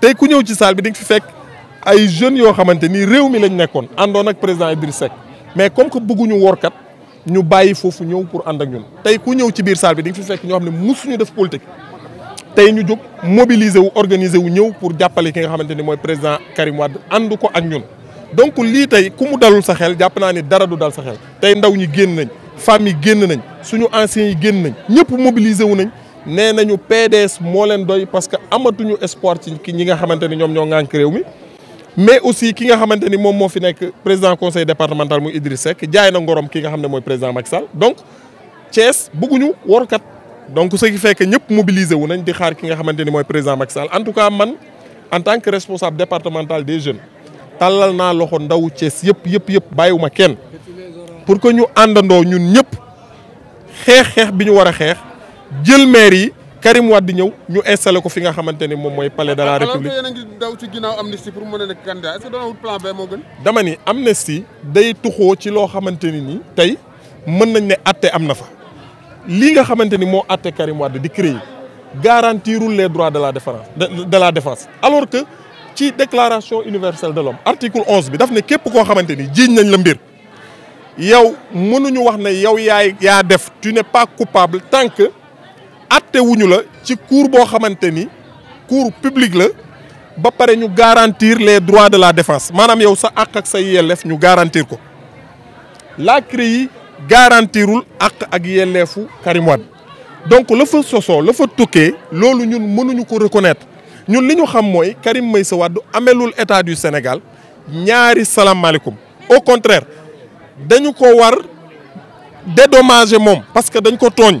tey ku ñëw ci salle bi di nga fi fekk ay jeunes yoo xamante ni réew mi lañ nekkoon àndoon ak président Idriss Seck mais comme que bëgguñu woorkat ñu bàyyi foofu ñëw pour ànd ak ñun tey ku ñëw ci biir salle bi di nga fi fekk ñoo xam ne mu musuñu def politique tey ñu jóg mobiliser wu organiser wu ñëw pour jàppale ki nga xamante ni mooy président Karim Wade ànd ko ak ñun donc lii tey ku mu dalul sa xel jàpp naa ni dara du dal sa xel tey ndaw ñi génn nañ femmes yi génn nañ suñu anciens génn nañ ñëpp mobiliser wu nañ nee nañu PDS moo leen doy parce que amatuñu espoir ci ki ñi nga xamante ni ñoom ñoo ŋànk réew mi mais aussi ki nga xamante ni moom moo fi nekk président conseil départemental muy Idriss Seck jaay na ngorom ki nga xam ne mooy président Macky Sall donc Thiès bëgguñu workat donc ce qui fait ñëpp mobilisé wu nañ di xaar ki nga xamante ni mooy président Macky en tout cas man en tant que responsable départemental des jeunes tàllal naa loxo ndaw Thiès yëpp yëpp yëpp bàyyiwuma kenn pour que ñu àndandoo ñun ñëpp xeex xeex bi ñu war a xeex. jël maire yi Karim Wade ñew ñu installer ko fi nga xamanteni mom moy palais de la république alors que yéen a ngi daw ci ginnaaw amnistie pour mën a nekk candidat est-ce que doon wut plan B mo gën. dama ni amnistie day tuxo ci lo xamanteni ni tay tey mën nañ ne atté amna fa li nga xamanteni mo atté Karim wad di créer garantirul les droits de la défense de la défense alors que ci déclaration universelle de l'homme article onze bi daf ne képp koo xamante ni jiiñ nañ la mbir yow mënuñu wax ne yow yaay yaa def tu n'es pas coupable tant que atte wuñu la ci cour bo xamanteni ni cour publique la ba paré ñu garantir les droits de la défense manam yow sa ak ak sa yelleef ñu garantir ko la CREI garantirul ak ak yelefu Karim Wade donc le feu soso le feu tukkee lolu ñun mënuñu ko reconnaître ñun liñu xam moy Karim Meïssa Wade amelul état du Sénégal ñaari alaykum au contraire dañu ko war dédommager mom parce que dañ ko tooñ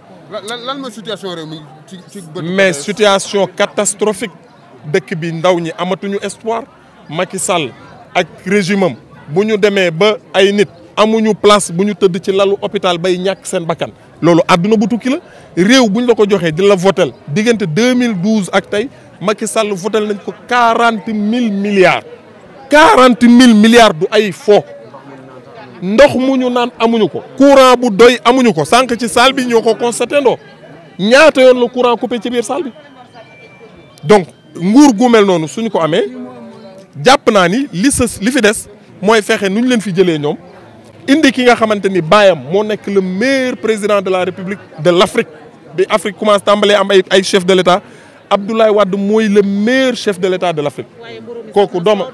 la situation catastrophique de Kibi Ndaouni, Amatouni Espoir, Macky Sall, avec le régime, si nous sommes à une place, si nous sommes à l'hôpital, Lolo, abino à l'hôpital. C'est ce que nous avons fait. Il y a un vote. 2012 et aujourd'hui, Macky Sall a 40 000 milliards. 40 000 milliards d'euros ndox muñu nan amuñu ko courant bu doy amuñu ko sank ci salle bi ñoko ko constaté ndoo ñaata yon la courant coupé ci bir salle bi donc nguur gu mel nonu suñu ko amé japp naa ni li li fi dess moy fexé nu leen fi jëlé ñom indi ki nga xamanteni bayam mo nek le meilleur président de la république de l'Afrique. de bi Afrique commence tambalé am ay ay chef de l'État, Abdoulaye Wade moy le meilleur chef de l'État de l'Afrique. koku kooku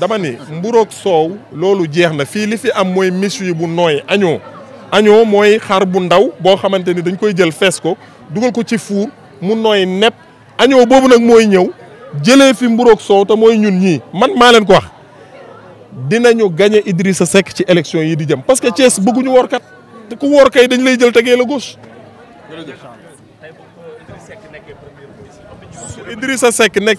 dama ni mburoog soow loolu jeex na fii li fi am mooy méchoui bu nooy añoo añoo mooy xar bu ndaw boo xamante ni dañ koy jël fees ko dugal ko ci fuur mu nooy nepp añoo boobu nag mooy ñëw jëlee fi mburoog soow te mooy ñun ñii man maa leen ko wax dinañu gagné Idrissa sekk ci élection yi di jëm parce que Thiès bëgguñu woorkat te ku woor kay dañ lay jël tegee la gauche. Idrissa Seck nekk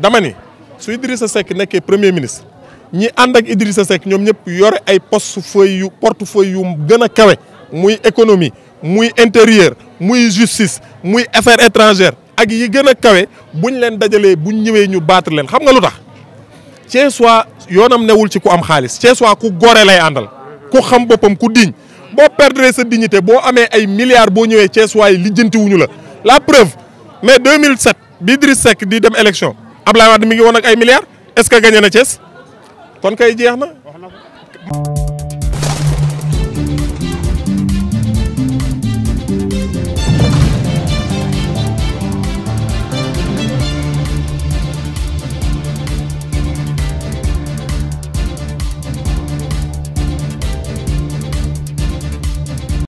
dama ni. su Idrissa Seck nekkee premier ministre ñi and ak Idrissa Seck ñom ñep yoré ay portefeuille yu portefeuille yu gëna kawé muy économie muy intérieur muy justice muy affaires étrangères ak yi gëna kawé buñ leen dajalé buñ ñëwé ñu battre leen xam nga lutax ci Thiessois yonam newul ci ku am ci Thiessois ku goré lay andal. ku xam bopam ku diñ bo perdre sa dignité bo amé ay milliards ci ñëwee Thiessois yi lijjantiwuñu la la preuve mais 2007 bi Idriss Seck di dem élection Ablaye Wade mi ngi woon ak ay milliards est-ce que gagné na Thiès kon kay jeex na.